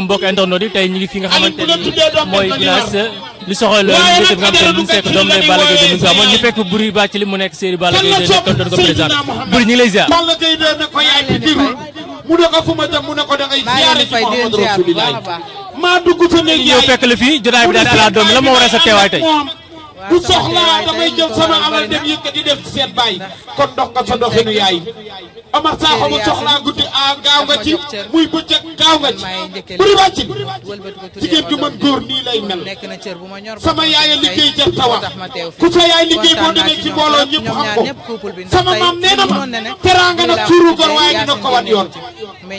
asalaamaaleykum mbokk internet yi tey ñu ngi fi nga xamante mooy nga xamante ni mu fekk mu ngi amoon ñu fekk Boury mu nekk série Balla Gaye de doon ko président Boury ñu ngi lay ziar. mu ne ko fu ma mu ne ko da ngay ziar ci Muhammadu Rasulillah maa dugg sa néeg yaay ñëw fekk la fii jotaay bi daal ala doom la moo waral sa teewaay tey bu soxlaa damay jël sama alal dem yëkkati def ci seen baay kon dox nga sa doxinu yaay Omar Sakho bu soxlaa guddi a ah, gaaw nga ci muy bëccëg gaaw nga ci buri wàcc jigéen ju mën góor nii lay mel sama yaaya liggéey jar tawa ku sa yaay liggéey boo demee ci mbooloo ñëpp xam ko sama maam nee na ma teraanga nag suuru gor waaye dina ko wan yoon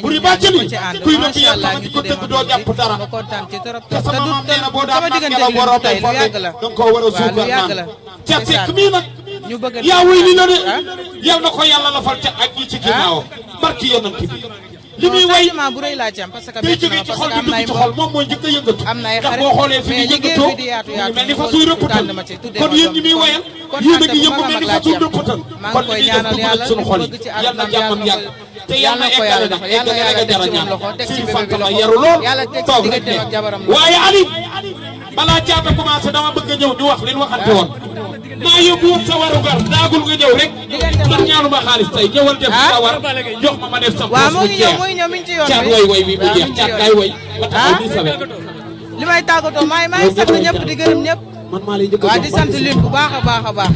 bu riba jëli kuy nëbb yàlla nga ko dëgg doo jàpp dara te sama maam nee na boo daan nàkkee la boo rootee foofu da nga koo war a suukar naan ca sekk mii nag yaa wuy li la de yal na ko yàlla lafal ca ak ñi ci ginnaaw ah? barki yonent bi li muy way sentiment bu rëy laa ci am ci xol bi dugg ci xol moom mooy njëkk a am na ay xarit ndax boo xoolee fi ñu yëngatoo mu mel ni fasuy rëppatal kon yéen muy wayal yéen a ngi yëngu mel li ñuy def bu nekk suñu xol yi yal na jàppam yàgg te yal na eggale na eggale nga jar a ñaan suñu fantama yaru lool toog waaye Aliou balaa caata commencé dama bëgg a ñëw di wax li ñu waxante woon. maa yóbbu woon sa waru gar daagul nga ñëw rek. man ñaanu ma xaalis tey ñëwal def sa war jox ma ma def sa poche mu jeex caat way way wi mu jeex caat kay way ba taxaw di sawe. Ah? li may tàggatoo maa ngi sant ñëpp di gërëm ñëpp. waaw di sant lim bu baax a baax a baax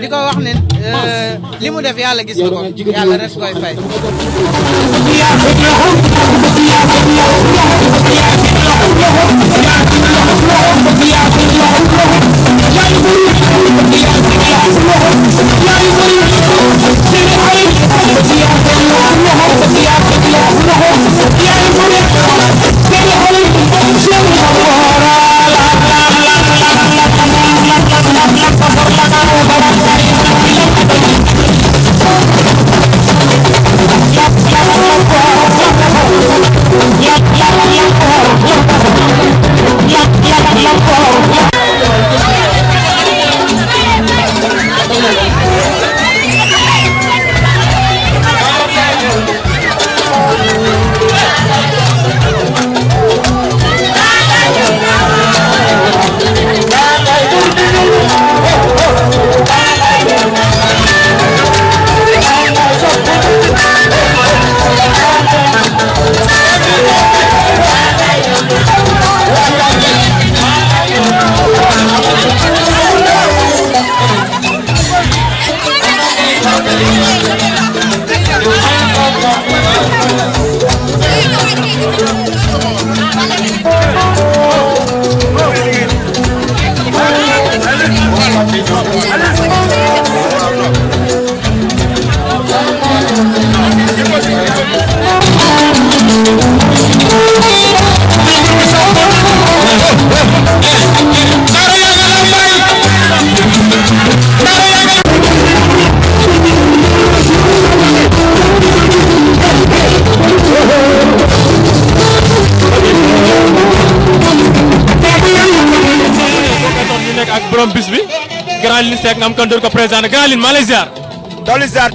di ko wax ne euh, li mu def yàlla gis na ko yàlla rek koy fay. love, but we are borom bis bi grand ligne Seck nga am kan doon ko présenté grand ligne maa lay ziar. daal di ziar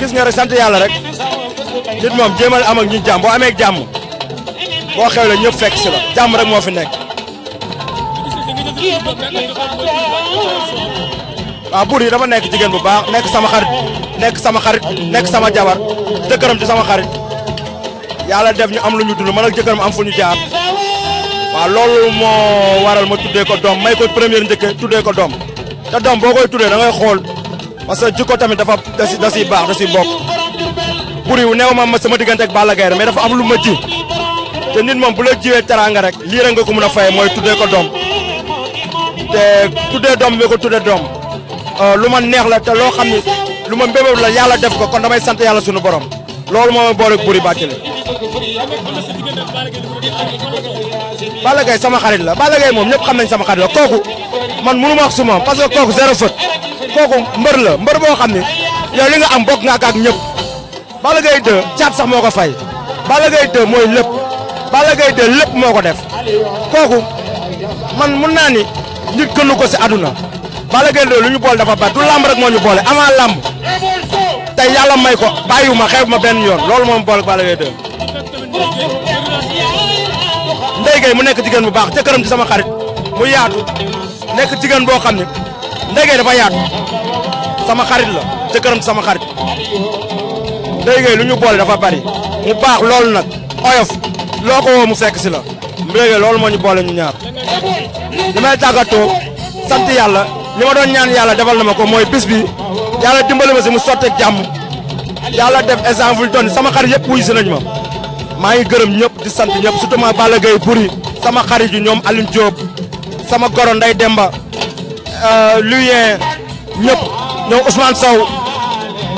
gis nga rek sante yalla rek. nit mom jemal am ak ñu jàmm boo amee bo xew la ñepp fekk ci la jàmm rek mo fi nek wa buri dama nek jigen bu baax nek sama xarit nek sama xarit nek sama jabar jëkkëram ci sama xarit yalla def ñu am luñu dund man ak jëkkëram am fuñu jaar wa loolu mo waral ma tuddé ko dom, may ko premier njëkke tuddé ko dom te dom bokoy tuddé da ngay xool parce que jikko tamit dafa dasi dasi baax dasi bok buri wu neew ma sama diggante ak Balla Gaye mais dafa am lu ma ji té nit mom bu la jiwé teraanga rek li ra nga ko mëna fay moy tuddé ko dom té tuddé dom bi ko tuddee doom euh, lu ma neex la té lo xamni ni lu ma la yalla def ko kon damay sante yalla suñu borom loolu mo ma buri bàccale Balla Gaye sama xarit la Balla Gaye moom ñëpp xam nañ sama xarit la kooku man mënu ma wax parce que kooku zéro kooku mbër la mbër boo xam ne yow li nga am bokk nga ak ñëpp Balla Gaye 2 caat sax moo ko fay Balla Gaye 2 mooy lépp Balla Gaye 2 lépp moo ko def kooku man mun naa ni nit gënu ko si àdduna Balla Gaye 2 lu ñu boole dafa bari du lamb rek moo ñu boole avant lamb tey yàlla may ko ma xeeb ma benn yoon loolu moom boole Balla Gaye 2. Ndeye mu nekk jigéen bu baax jëkkëram ci sama xarit mu yaatu nekk jigéen boo xam ne Ndeye Gueye dafa yaatu sama xarit la jëkkëram ci sama xarit Ndeye Gueye lu ñu boole dafa bari mu baax loolu nag oyof loo woo mu fekk si la Ndeye loolu moo ñu boole ñu ñaar li may tàggatoo sant yàlla li ma doon ñaan yàlla defal na ma ko mooy bis bi. yàlla dimbali ma si mu sotteeg jàmm yàlla def exemple doon sama xarit yëpp wuyu si nañ ma maa ngi gërëm ñëpp di sant ñëpp surtout ma Balla Gaye buri sama xarit yi ñoom Alioune Diop sama goro Ndeye Demba euh, Luyen ñëpp ñoom Ousmane Sow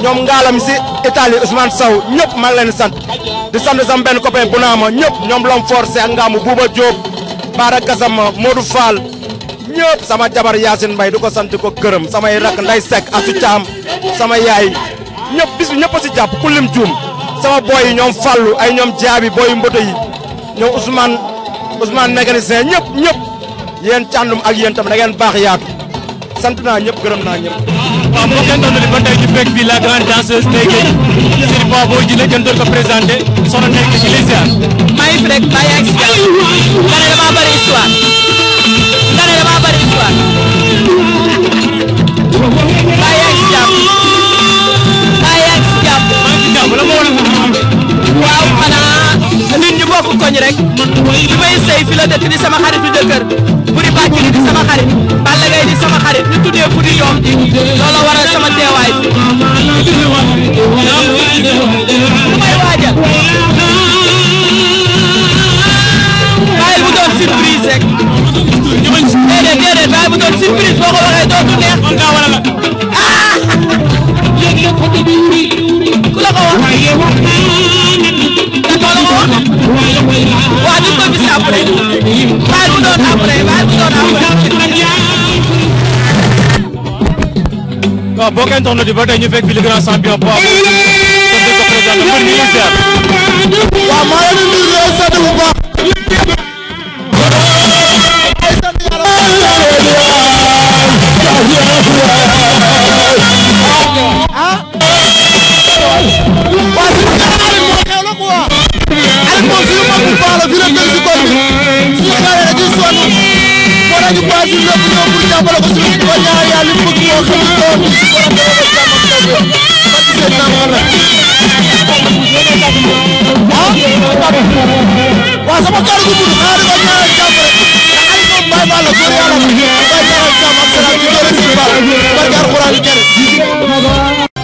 ñoom ngaalam si Italie Ousmane Sow ñëpp maa ngi leen sant di sant sam benn copain bu naa ma ñëpp ñoom Lom Forcé ak Ngaamu Bouba Diop Baara Gassama Modou Fall. ñëpp sama jabar Yacine Mbaye du ko sant ko gërëm samay rak nday Seck asu caam sama yaay ñëpp bis bi ñëpp a si jàpp ku lim juum sama boy yi ñoom Fallou ay ñoom jaabi boy yu mboto yi ñoom Ousmane Ousmane mécanicien ñëpp ñëpp yéen càndum ak yéen tam da ngeen baax yaatu sant naa ñëpp gërëm naa ñëpp. waaw moo kenn doon li ba tey ñu fekk fii la grande danseuse Ndeye Gueye ko présenté soxna Ndeye Gueye ci les ziar. maa ngi fi rek bu koñ rek bi may sëy dëkk di sama xarit du jëkkër buri bàcc di sama xarit Balla Gaye di sama xarit ñu tuddee buri yoom di loolu waral sama teewaay lu may waajal bàyyi mu doon surprise rek déedéet déedéet bàyyi mu doon surprise boo ko waxee dootu neex baal bu doon après baal bu doon après. waaw boo ko intoon di ba tey ñu fekk fi le grand champion poids waaw maa ngi leen di nuyu leen sant bu baax. ah. sonn moo tax ñu passé lépp ñëw pour jàppale ko suñu tool ñaari yàlla li mu bëgg moo xam tool war a demee ba jàmm ak tawfeex parce que seen naam war na. ah waaw sama kàddu gu gudd xanaa di ko ñaanal jàmm rek te ay moom Baye Fall la góor yàlla ko di ko ñaanal jàmm ak salaam di doole si Fall barke Alxuraan